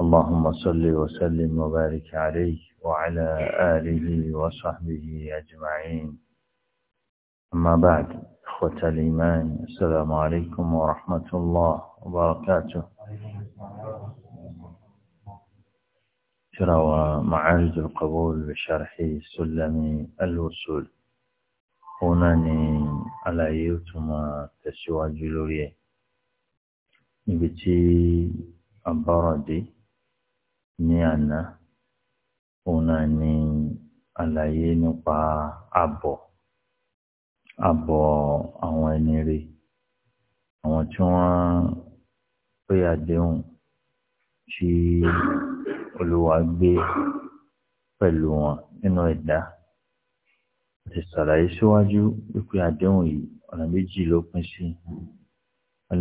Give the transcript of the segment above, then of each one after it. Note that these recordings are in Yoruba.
اللهم صل وسلم وبارك عليه وعلى آله وصحبه أجمعين أما بعد أخوة الإيمان السلام عليكم ورحمة الله وبركاته ترى معارج القبول بشرح سلم الوصول هنا على يوتما تسوى جلوريه نبتي أبردي ní àná òun náà ni àlàyé nípa àbọ̀ àbọ̀ àwọn ẹni rè àwọn tí wọ́n pé àdéhùn tí olúwa gbé pẹ̀lú wọn nínú ẹ̀dá ti ṣàlàyé síwájú wípé àdéhùn yìí ọ̀nà méjì ló pín sí al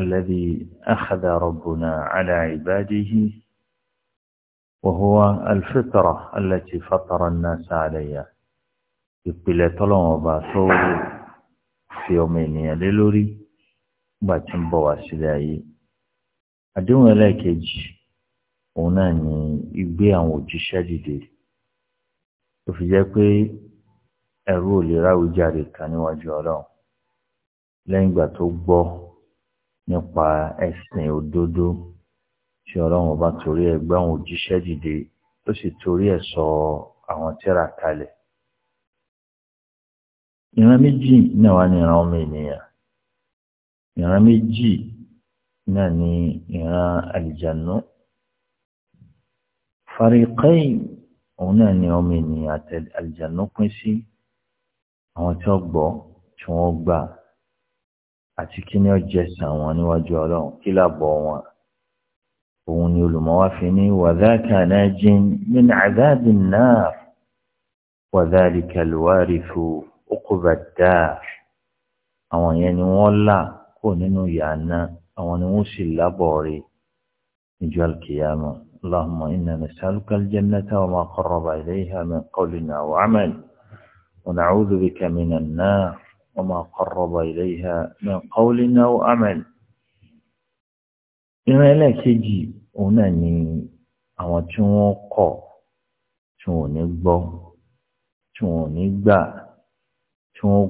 الذي أخذ ربنا على عباده وهو الفطرة التي فطر الناس عليها ìpìlẹ̀ tọ́lọ́wọ́n ọba tó fi ọmọ ènìyàn lé lórí nígbà tí ń bọ̀ wá sílẹ̀ ayé àdéhùn ẹlẹ́ẹ̀kejì òun náà ni ìgbé àwọn òjíṣẹ́ dìde tó fi jẹ́ pé ẹ̀rú ò lè ráwíjàre kan níwájú ọlọ́run lẹ́yìn ìgbà tó gbọ́ nípa ẹ̀sìn òdodo tí ọlọ́run bá torí ẹ̀ gbé àwọn òjíṣẹ́ dìde ó sì torí ẹ̀ sọ àwọn tírà kalẹ̀. ìran méjì náà wà ní ìran ọmọ ènìyàn ìran méjì náà ní ìran àlìjànú fariqayn òun náà ní ọmọ ènìyàn àti àlìjànú pín sí àwọn tí wọ́n gbọ́ tí wọ́n gbà àti kí ni ọjẹ sàn wọn níwájú Ọlọ́run kí làbọ wọn òun ni olùmọwá fi ní wàdáàkà náà jin min àdáàbì náà wàdáàlìkà lùwárìfò ókùbàdà àwọn yẹn ni wọn là kó nínú yàrá àwọn ni wọn sì lábọ rè níjọ́ alkiyama allahumma inna nasaluka aljannata wa ma qarraba ilayha min qawlin aw amal wa na'udhu bika وما قرب إليها من قول أو عمل ìran ẹlẹ́ẹ̀kejì òun náà ni àwọn tí wọ́n kọ̀ tí wọ́n ò ní gbọ́ tí wọ́n ò ní gbà tí wọ́n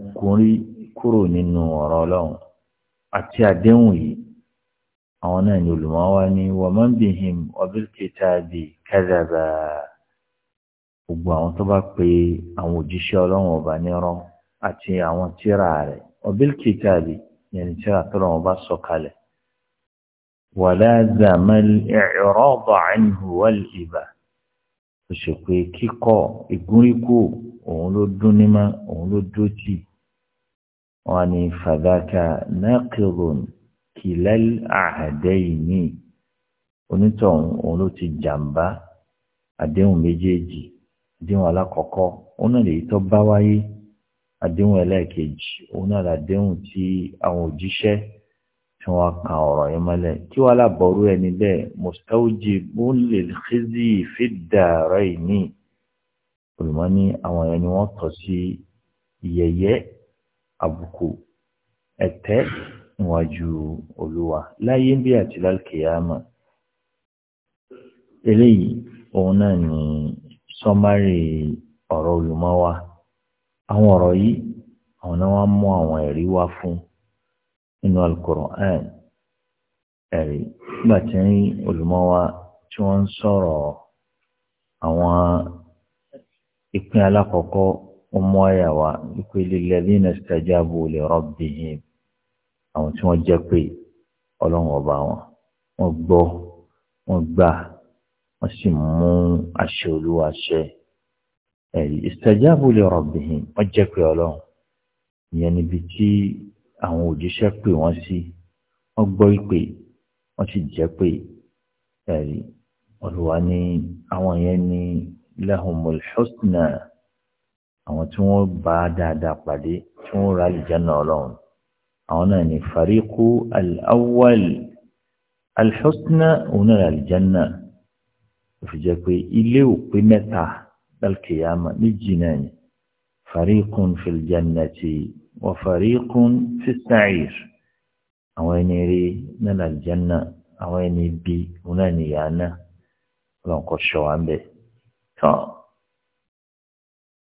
kúrò nínú ọ̀rọ̀ ọlọ́run àti àdéhùn yìí àwọn náà ni olùmọ́wá ní waman bihim wabil kitabi kadhaba gbogbo àwọn tó bá pe àwọn òjíṣẹ́ ọlọ́run ọba nírọ́ àti àwọn tíra rẹ̀ ọ̀bíl kìtàbí yẹn tíra tó lọ́wọ́ bá sọ kalẹ̀. wàlá zàmẹ́l ìrọ́bà ànhu wàl ìbà ó ṣe pé kíkọ́ ìgúnríkù òun ló dún nímọ́ òun ló dó tì wọn ni fàdákà nàkìrùn kìlẹ́l àhàdẹ́yìní onítọ̀hún òun ló ti jàǹbá àdéhùn méjèèjì àdéhùn alákọ̀ọ́kọ́ òun náà lè tọ́ bá àdéhùn ẹlẹ́ẹ̀kejì òun náà làdéhùn tí àwọn òjíṣẹ́ tí wọ́n kan ọ̀rọ̀ yẹn mọ́lẹ̀ kí wàá làbọ̀rú ẹni bẹ́ẹ̀ mustawjibun lil khizi fid daraini olùmọ́ ní àwọn ẹni wọ́n tọ́ sí yẹ̀yẹ́ àbùkù ẹ̀tẹ́ níwájú olúwa láyé bí àti lálùkìyàmà eléyìí òun náà ní sọmárì ọ̀rọ̀ olùmọ́ wa àwọn ọ̀rọ̀ yìí àwọn náà wọ́n mú àwọn ẹ̀rí wá fún nínú Al-Qur'an ẹ̀rí nígbà tí olùmọ̀ wa tí wọ́n ń sọ̀rọ̀ àwọn ìpín alákọ̀ọ́kọ́ ọmọ àyà wa wípé lilladhina istajabu li rabbihim àwọn tí wọ́n jẹ́ pé ọlọ́run ọba wọn wọ́n gbọ́ wọ́n gbà wọ́n sì mú àṣẹ olúwa ṣẹ ẹ̀rí ìsìtẹ̀jáàbù li rabbihim wọ́n jẹ́ pé ọlọ́run ìyẹn níbi tí àwọn òjíṣẹ́ pè wọ́n sí wọ́n gbọ́ ìpè wọ́n sì jẹ́ pé ẹ̀rí olùwà ni àwọn yẹn ní lahumul husna àwọn tí wọ́n bá dáadáa pàdé tí wọ́n ra àlùjánnà ọlọ́run àwọn náà ní fariqu al-awwal òun náà àlùjánnà òfin jẹ́ pé ilé òpin mẹ́ta lálkìyàmà méjì náà ni fariqun fil jannati wa fariqun fis sa'ir àwọn ẹni rí nínú àlìjánná àwọn ẹni bí òun náà nìyà náà lọ́n kọ́ sọ wá ń bẹ̀. tán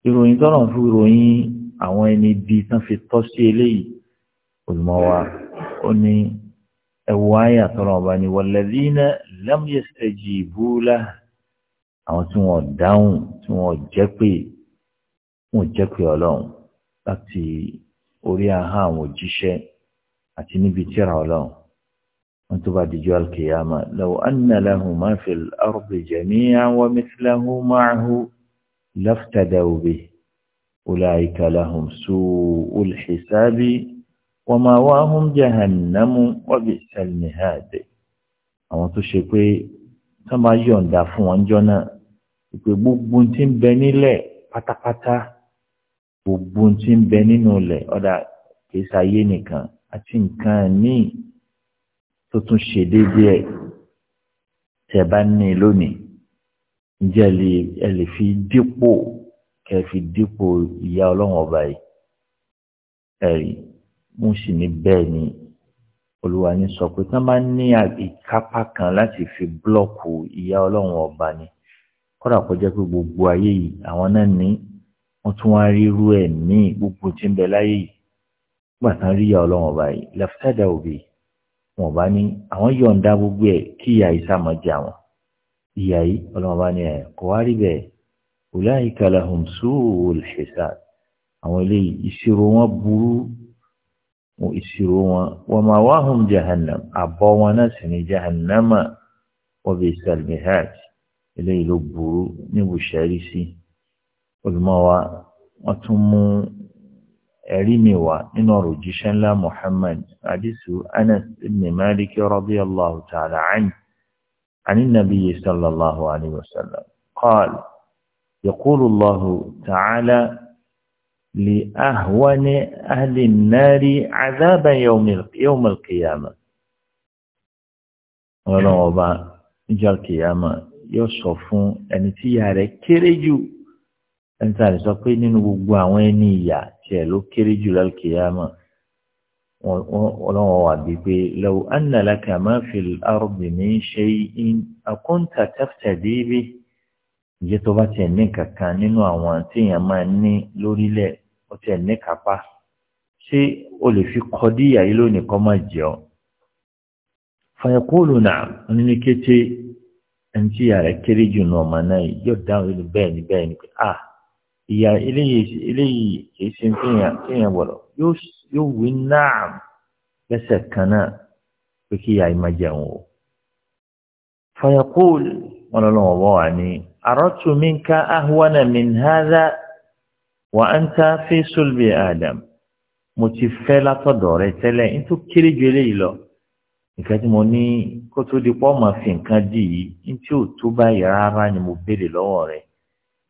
ìròyìn tọ́nà fún ìròyìn àwọn ẹni bí tán fi tọ́ sí eléyìí olùmọ̀wá ó ní ẹ̀wọ̀ ayé àtọ́nà ọba ni walladhina lam yastajibu lahu àwọn tí wọn dáhùn tí wọn jẹ́ pé wọn jẹ́ pé ọlọ́run láti orí ahọ́n àwọn òjíṣẹ́ àti níbi tíra ọlọ́run wọn tó bá dijọ́ alkiyama law anna lahum ma fil ardi jami'an wa mithlahu ma'ahu laftadaw bihi ulaika lahum su'ul hisabi wa ma'wahum jahannamu wa bi'sal àwọn tó ṣe pé tá máa yọ̀ǹda fún wọn jọ náà ìpè gbogbo tí ń bẹ nílẹ̀ pátápátá gbogbo tí ń bẹ nínú ilẹ̀ ọ̀dà kìsà ayé nìkan àti nǹkan míì tó tún ṣe déédéé ẹ̀ bá ní lónìí ǹjẹ́ ẹ lè fi dípò kẹ́ fi dípò ìyá ọlọ́run ọba yìí ẹ̀rí mo sì ní bẹ́ẹ̀ ni olùwà ní sọ pé tí wọ́n bá ní ìkápá kan láti fi búlọ́ọ̀kù ìyá ọlọ́run ọba ni kọ́dà kọjá pé gbogbo ayé yìí àwọn náà ní wọ́n tún wá rírú ẹ̀ ní gbogbo tí ń bẹ láyé yìí nígbà tán rí ìyá ọlọ́run ọba yìí lẹ́fẹ́dà òbí wọn bá ní àwọn yọ̀ǹda gbogbo ẹ̀ kí ìyá yìí sá máa jẹ àwọn ìyá yìí ọlọ́run ọba ní ẹ̀ kò wá rí bẹ́ẹ̀ ulaika lahum su'ul hisab àwọn eléyìí ìṣirò wọn burú ìṣirò wọn wa mawahum jahannam àbọ̀ wọn náà sì ní jahannama wa bi'sal eléyìí ló burú níbo sẹ́rí sí olùmọ̀ wa wọ́n tún mú ẹ̀rí mi wá nínú ọ̀rọ̀ òjíṣẹ́ ńlá Muhammad hadisu Anas ibn Malik radiyallahu ta'ala anhu عن النبي صلى الله عليه وسلم قال يقول الله تعالى لأهون أهل النار عذاب يوم يوم القيامة ولو بعد القيامة yóò sọ fún ẹni tí ìyá rẹ̀ kéré jù ẹni tí a lè sọ pé nínú gbogbo àwọn ẹni ìyá tiẹ̀ ló kéré jù lálùkìyàmọ̀ ọlọ́wọ́ wà bíi pé law anna laka ma fil ardi min shay'in akunta taftadi ìyẹ́ tó bá tiẹ̀ ní kankan nínú àwọn téèyàn máa ní lórílẹ̀ ó tiẹ̀ ní kápá ṣé o lè fi kọdí ìyá yìí lónìí kọ́ máa jẹ́ ọ. fàyẹ̀kúlù náà ní ẹni tí ìyá rẹ̀ kéré jù náà ọmọ náà yóò dáhùn ìlú bẹ́ẹ̀ ni bẹ́ẹ̀ ni pé à ìyá eléyìí eléyìí kìí ṣe téèyàn wọ̀rọ̀ yóò wí náà lẹ́sẹ̀ kan náà pé kí ìyá ìmọ̀ jẹun o. fayakul wọn lọ lọ́wọ́ wọ́n wà ní arọ́tù minka ahwana min hadha wa anta fi sulbi adam mo ti fẹ́ látọ̀dọ̀ rẹ tẹ́lẹ̀ nítorí kéré ju eléyìí lọ. nǹkan tí mo ní kó tó di pọ́ fi nǹkan dì yìí tí ò tó báyìí rárá ni mo béèrè rẹ̀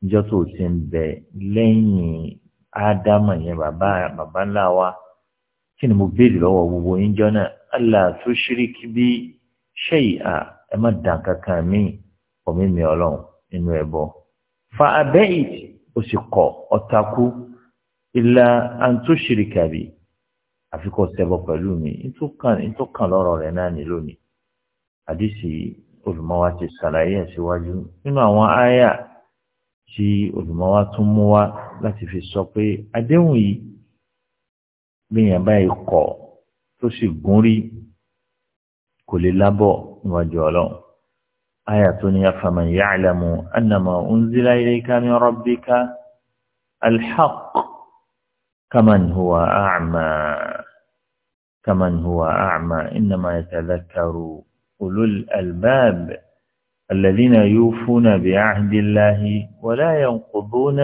níjọ́ tó ti ń bẹ lẹ́yìn yẹn bàbá bàbá wa kí ni mo béèrè lọ́wọ́ gbogbo níjọ́ náà Allah tó ṣíríkì bí ẹ má dàn kankan fa sì ìlà àfi kó ṣẹbọ pẹ̀lú mi nítorí kan lọ́rọ̀ rẹ̀ náà ní lónìí àdìsí olùmọ́wá ti ṣàlàyé ẹ̀ síwájú nínú àwọn àyà tí olùmọ́wá tún mú wá láti fi sọ pé àdéhùn yìí gbìyàn báyìí kọ̀ tó sì gún rí kò lè lábọ̀ níwájú ọlọ́run àyà tó ní afaman ya'lamu annama unzila ilayka min rabbika alhaq kaman huwa a'ma. كمن هو أعمى إنما يتذكر أولو الألباب الذين يوفون بعهد الله ولا ينقضون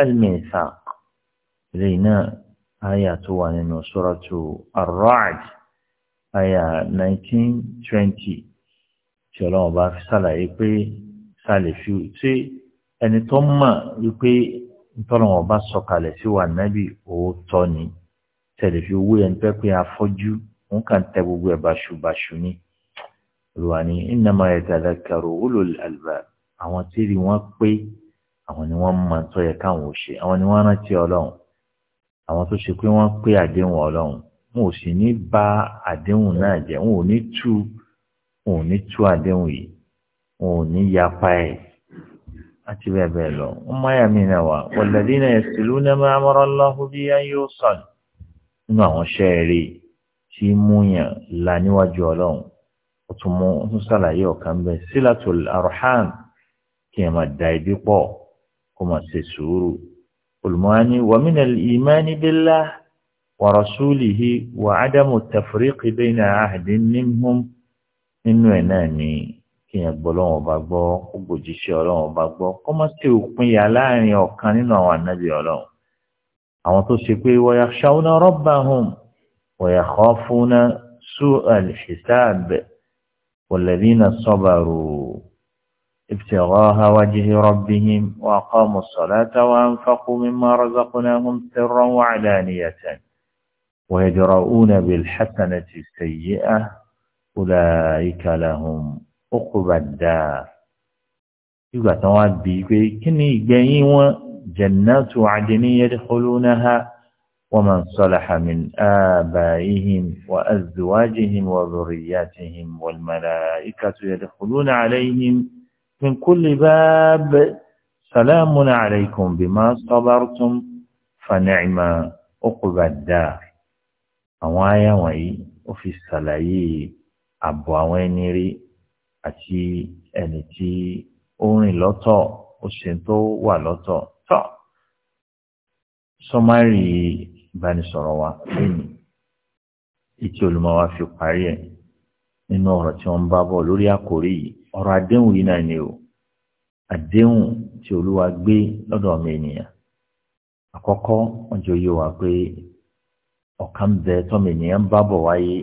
الميثاق لنا آيات وانين سورة الرعد آية 1920 شلون باف سالا يبي سالي فيو تي أن توم يبي تلون باف سوكالي سوى النبي أو توني tẹ̀lé fi owó yẹn pẹ́ pé afọ́jú wọn kàn tẹ gbogbo ẹ̀ báṣubàṣu ni olùwà ní innama yatadhakkaru ulul albab àwọn tí rí wọn pé àwọn ni wọ́n mọ̀ tó yẹ káwọn ò ṣe àwọn ni wọ́n rántí ọlọ́run àwọn tó ṣe pé wọ́n pé àdéhùn ọlọ́run wọn ò sì ní bà àdéhùn náà jẹ́ wọn ò ní tú wọn ò ní tú àdéhùn yìí wọn ò ní yapa ẹ̀ àti bẹ́ẹ̀ bẹ́ẹ̀ lọ wọ́n máyà mí náà wà walladhina yasluna ma amara Allahu bi an yusal nínú àwọn ṣẹ́ẹ̀rí tí múyàn la níwájú ọlọ́run ó tún mú ó tún ṣàlàyé ọ̀kan bẹ́ẹ̀ sílátùl arham kí ẹ máa da ibi pọ̀ kó máa ṣe sùúrù olùmọ̀ọ́ni wàmínà ìmáni billah wa rasulihi wa ádámù tafriqi bayna ahadin minhum nínú ẹ̀ náà ni kí ẹ gbọ́ lọ́wọ́ bá gbọ́ kó gbòjíṣẹ́ ọlọ́wọ́ bá gbọ́ kó má ṣe òpin yà láàrin ọ̀kan nínú àwọn ànábì ọlọ́run. ربهم سوء الحساب tó صبروا pé وجه ربهم واقاموا الصلاة وانفقوا مما رزقناهم سرا وعلانية ويجرؤون بالحسنة السيئة أولئك لهم أقبى الدار يقول تواد بيكي كني جايين جنات عدن يدخلونها ومن صلح من آبائهم وأزواجهم وذرياتهم والملائكة يدخلون عليهم من كل باب سلام عليكم بما صبرتم فنعم عقبى الدار àwọn àyà wọ̀nyí ó fi ṣàlàyé ààbò àwọn ẹni rí àti ẹni tọ́ sọmárì ìbánisọ̀rọ̀ wa lónìí ètí olùmọ̀ wa fi parí ẹ̀ nínú ọ̀rọ̀ tí wọ́n ń bá bọ̀ lórí àkórí yìí ọ̀rọ̀ àdéhùn yìí náà ni o àdéhùn tí olúwa gbé lọ́dọ̀ ọmọ ènìyàn àkọ́kọ́ wọ́n jẹ́ oyé wa pé ọ̀kan bẹ tọ́mọ ènìyàn bá bọ̀ wáyé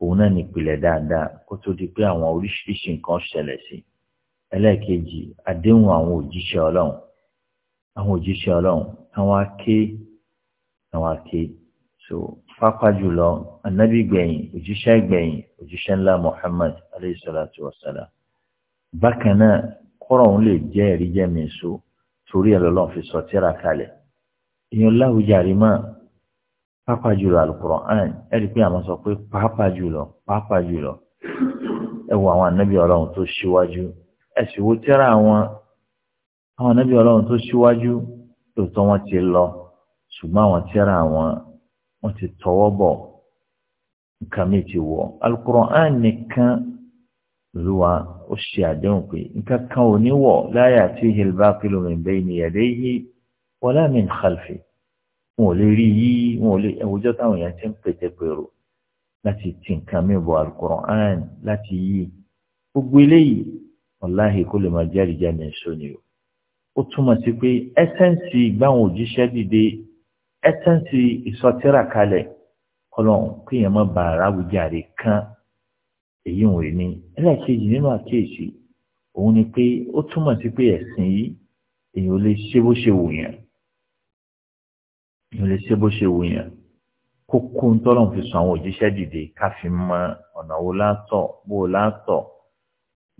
òun náà nípìlẹ̀ dáadáa kó tó di pé àwọn oríṣiríṣi nǹkan ṣẹlẹ̀ sí ẹlẹ́ẹ̀kejì àdéhùn àwọn òjíṣẹ́ ọlọ́run àwọn òjíṣẹ́ ọlọ́run àwọn aké àwọn aké so pápá jùlọ anabi gbẹ̀yìn òjíṣẹ́ gbẹ̀yìn òjíṣẹ́ ńlá Muhammad alayhi salatu wa salam bákan náà kọ́rọ̀ òun lè jẹ́ ẹ̀rí jẹ́ mi so torí ẹ̀ lọ́lọ́run fi sọ tírà kalẹ̀ èèyàn láwùjárí mọ́ pápá jùlọ alukur'an ẹ̀rí pé àwọn sọ pé pápá jùlọ pápá jùlọ ẹ wo àwọn anabi ọlọ́run tó ṣíwájú ẹ sì wo tírà àwọn àwọn ànábì ọlọ́run tó ṣíwájú lóòótọ́ wọ́n ti lọ ṣùgbọ́n àwọn tírà wọn wọ́n ti tọwọ́ bọ̀ nǹkan mi ti wọ̀ alukur'an nìkan lùwà ó ṣe àdéhùn pé nǹkan kan ò ní wọ̀ la ya'tihil baqilu min bayni yadayhi wala min khalfi wọn ò lè rí yìí wọn ò lè ẹwùjọ táwọn èèyàn ti ń pètè pèrò láti ti nǹkan mi bọ alukur'an láti yí gbogbo eléyìí wàláhì kó lè máa jẹ́ àríjáde ẹ̀ṣọ́ ni o ó túmọ̀ sí pé ẹ́sẹ̀nsì ìgbàwọn òjíṣẹ́ dìde ẹ́sẹ̀nsì ìsọtíra kalẹ̀ kọlọ́n kéèyàn má ba aráwùjáre kan èyí ń wèrè ní ẹlẹ́ẹ̀kejì nínú àkéèsì òun ni pé ó túmọ̀ sí pé ẹ̀sìn yìí èyàn ò lè ṣe bó ṣe wù yàn èyàn ò lè ṣe bó ṣe wù yàn kókó ń tọ́lọ̀ fi sọ àwọn òjíṣẹ́ dìde ká fi mọ ọ̀nà wo látọ̀ bó látọ̀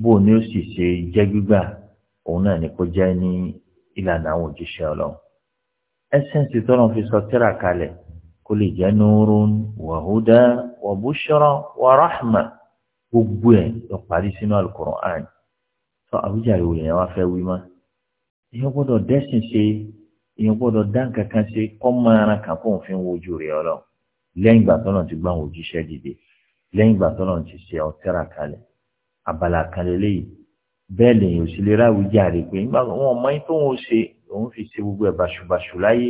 bó ni ó sì ṣe jẹ́ gbígbà òun náà ni kó jẹ́ ní ìlànà àwọn òjíṣẹ́ ọlọ́run ẹsẹ̀nsì tọ́lọ́n fi sọ tírà kalẹ̀ kó lè jẹ́ nurun wa huda wa bushra wa rahma gbogbo ẹ̀ lọ parí sínú al-Qur'an sọ àwùjá ìwòye yẹn wá fẹ́ wí mọ́ èèyàn gbọ́dọ̀ dẹ́sìn ṣe èèyàn gbọ́dọ̀ dá nǹkan ṣe kọ́ mọ́ra kan kó òfin wojú rẹ̀ ọlọ́run lẹ́yìn ìgbà tọ́lọ́n ti gbá àwọn òjíṣẹ́ dìde lẹ́yìn ìgbà tọ́lọ́n ti ṣe ọ̀tẹ́ra kalẹ̀ abala kan lélẹ́yìí bẹ́ẹ̀ lèyìn ò sì lè ráwù jáde pé nígbà wọn mọ ẹni tó ń ṣe òun fi ṣe gbogbo ẹ̀ bàṣubàṣu láyé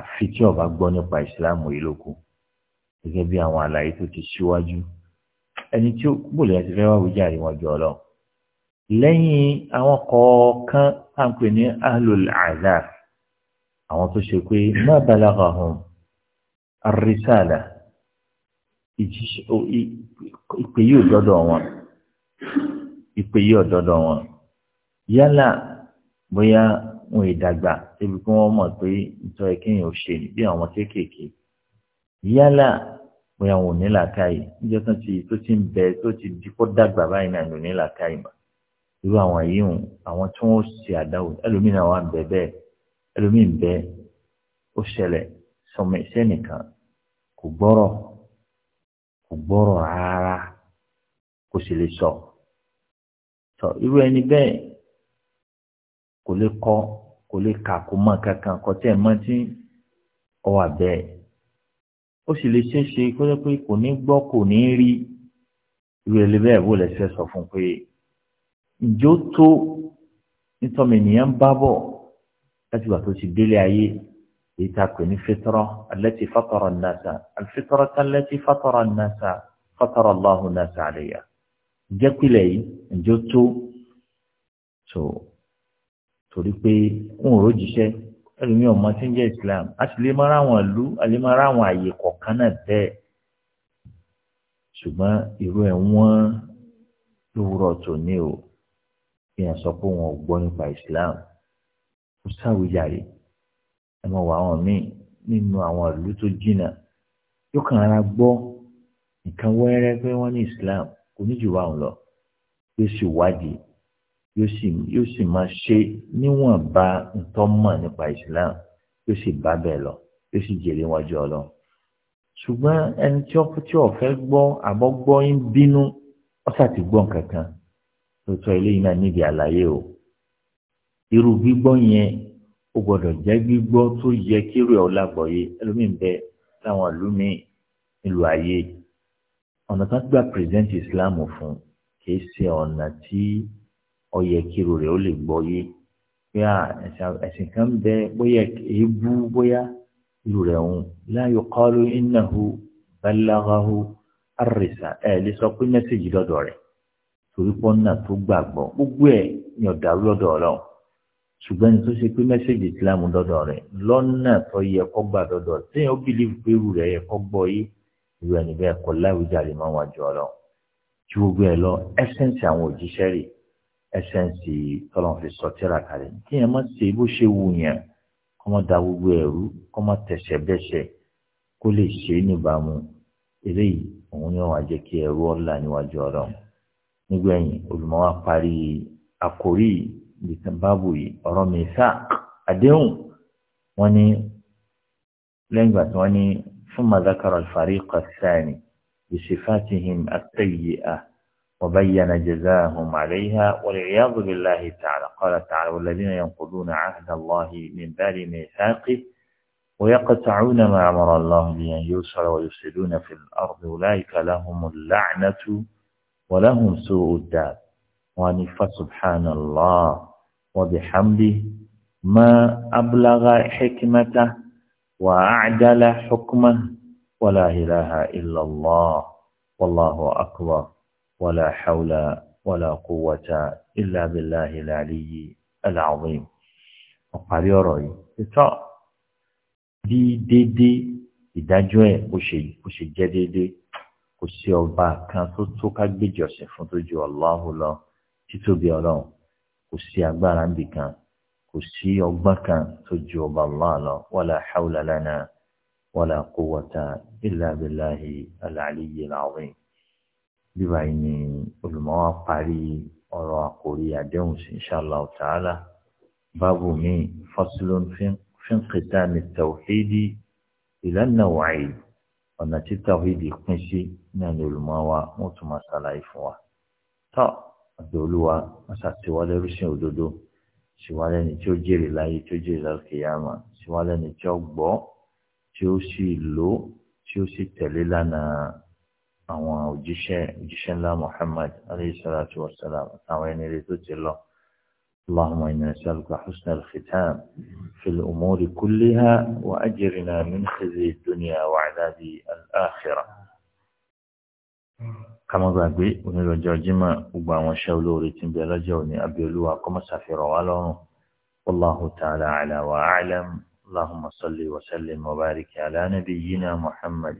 àfi tí ọba gbọ́ nípa ìsìláàmù yìí lóko gẹ́gẹ́ bí àwọn àlàyé tó ti ṣíwájú ẹni tí ó bòlù ẹ̀ ti fẹ́ wáwù jáde wọn jọ lọ. lẹ́yìn àwọn kọ̀ọ̀kan à ń pè ní ahlul àwọn tó ṣe pé má balagha hàn arísàlà ìpè yóò dọ́dọ̀ wọn ìpè yí ọ̀dọ́dọ̀ wọn yálà bóyá wọn ìdàgbà débi kí wọ́n mọ̀ pé ìtọ́ ẹ kéèyàn ò ṣe bí àwọn kéékèèké yálà bóyá wọn ò ní làákàyè níjọ́ tó ti tó ti ń bẹ tó ti di kó dàgbà báyìí náà ló ní làákàyè mọ́ irú àwọn yìí hùn àwọn tí wọ́n ṣe àdáwò ẹlòmíín náà wà ń bẹ bẹ́ẹ̀ ẹlòmíín bẹ ó ṣẹlẹ̀ sọmọ iṣẹ́ nìkan kò gbọ́rọ̀ kò gbọ́rọ̀ rárá kò sì lè sọ. So tọ irú ẹni bẹ́ẹ̀ kò lè kọ kò lè kà kó mọ̀ kankan kọ tẹ ẹ mọ̀ tí ọ wà bẹ́ẹ̀ ó sì lè ṣeé ṣe kó jẹ́ pé kò ní gbọ́ kò ní rí irú ẹni bẹ́ẹ̀ bó lè ṣe sọ fún pé ìjó tó nítorí ènìyàn bá bọ̀ láti gbà tó ti délé ayé èyí tá a pè ní fitọrọ alẹ́tì fatọrọ nàṣà alfitọrọ fatọrọ nàṣà fatọrọ Allahu nàṣà àlẹ́yà jẹ́pìlẹ̀ yìí ǹjọ́ tó tó torí pé ń ò rójíṣẹ́ ẹlòmíì ọmọ tí ń jẹ́ Islam a sì lè máa ráwọn ìlú a lè máa ráwọn àyè kọ̀ọ̀kan náà bẹ́ẹ̀ ṣùgbọ́n irú ẹ̀ wọ́n lówùrọ̀ tó ní o kí n sọ pé wọn ò gbọ́ nípa Islam kò sáwìjàre ẹ mọ̀ wà àwọn míì nínú àwọn ìlú tó jìnnà yóò kàn án gbọ́ nǹkan wẹ́rẹ́ pé wọ́n ní Islam kò ní jù wá òun lọ yóò sì wádìí yóò sì yóò sì máa ṣe níwọ̀nba ntọ́mọ̀ nípa Islam yóò sì bá bẹ́ẹ̀ lọ yóò sì jèrè wájú ọ lọ. ṣùgbọ́n ẹni tí ó tí ó fẹ́ gbọ́ àbọ̀ gbọ́ ń bínú ọ̀sà ti gbọ́ kankan lóòótọ́ eléyìí náà níbi àlàyé o. irú gbígbọ́ yẹn ó gbọ́dọ̀ jẹ́ gbígbọ́ tó yẹ kí rẹ̀ ọ lágbọ̀ọ́yé ẹlòmíín bẹ láwọn ìlú mi ìlú ayé ọ̀nà tó ń gbà present islam fún kìí ṣe ọ̀nà tí ó yẹ kíro rẹ̀ ó lè gbọ́ yé bóyá ẹ̀sìn kan bẹ bóyá èébú bóyá irú rẹ̀ ń la yuqalu innahu balaghahu arìsà ẹ̀ lè sọ pé mẹ́sẹ̀gì lọ́dọ̀ rẹ̀ torí pọ́nà tó gbàgbọ́ gbogbo ẹ̀ ni ọ̀dà lọ́dọ̀ ọlọ́run ṣùgbọ́n ní tó ṣe pé mẹ́sẹ̀gì islam lọ́dọ̀ rẹ̀ lọ́nà tó yẹ kó gbà lọ́dọ̀ tí ó bìlíf pé irú rẹ̀ yẹ kó gbọ́ yé irú ẹni bẹ́ẹ̀ kọ́ láwùjáde máa wà jọ lọ ju gbogbo ẹ lọ ẹsẹ̀nsì àwọn òjíṣẹ́ rè ẹsẹ̀nsì tọ́lọ́n fi sọ tíra kalẹ̀ kí ẹ má ṣe bó ṣe wù yẹn kọ́ má da gbogbo ẹ̀rú kọ́ má tẹ̀sẹ̀ bẹ́sẹ̀ kó lè ṣe é níbàámu eléyìí òun ni wọ́n jẹ́ kí ẹrú ọ̀la níwájú ọ̀rọ̀ nígbẹ̀yìn olùmọ̀wá parí àkórí ìdìtàn báàbù yìí ọ̀rọ̀ mẹ́sà àdéhùn wọ́n ní lẹ́yìn ìgbà tí wọ́n ní ثم ذكر الفريق الثاني بصفاتهم السيئة وبين جزاهم عليها والعياذ بالله تعالى قال تعالى والذين ينقضون عهد الله من بعد ميثاقه ويقطعون ما أمر الله به أن يوصل ويفسدون في الأرض أولئك لهم اللعنة ولهم سوء الدار وانف سبحان الله وبحمده ما أبلغ حكمته وأعدل حكمه ولا إله إلا الله والله أكبر ولا حول ولا قوة إلا بالله العلي العظيم وقال يروي. yìí títọ́ bí déédé ìdájọ́ ẹ̀ bó ṣe jẹ́ déédé kò sí ọba kan tó tó ká gbéjọsìn fún tó ju Allahu lọ títóbi ọlọ́run kò sí agbára níbì kò sí ọgbọ́n kan tó ju ọba Allah lọ wala hawla lana wala quwwata illa billahi al-aliyyi al-azim. bíbá yìí ni olùmọ́wá parí ọ̀rọ̀ àkórí àdéhùn sí inṣàlá ta'ala báàbù mi faslun fi qitami tawhidi ila naw'ayn ọ̀nà tí tawhidi pín sí náà ni olùmọ́wá wọ́n tún máa ṣàlàyé fún wa. tọ́ àti olúwa wọ́n ṣàtiwálé rúṣin òdodo ṣèwádìí ẹni tí ó jèrè láyé tí ó jèrè lálùkìyàmà ṣèwádìí ẹni tí ó gbọ́ tí ó sì lò tí ó sì tẹ̀lé lánàá àwọn òjíṣẹ́ òjíṣẹ́ ńlá Muhammad alayhi salatu wa salam àtàwọn ẹni rẹ̀ tó ti lọ. اللهم إنا نسألك حسن الختام في الأمور كلها وأجرنا من خزي الدنيا وعذاب الآخرة kàmọ́gbàgbé onírọ̀jọ́ jimá gbogbo àwọn iṣẹ́ olóore tí ń bẹ lọ́jọ́ òní abiyolúwa kọ́mọ́sàfihàn wa lọ́rùn wallahu ta'ala ala wa a'lam allahumma salli wa sallim wa barik ala nabiyyina muhammad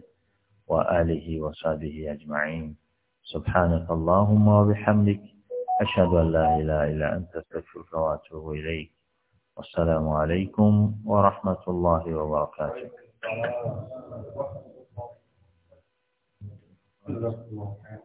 wa alihi wa sahbihi ajma'in subhanaka allahumma wa bihamdik ashhadu an la ilaha illa anta astaghfiruka wa atubu ilayk wassalamu alaykum wa rahmatullahi wa barakatuh 那个老太。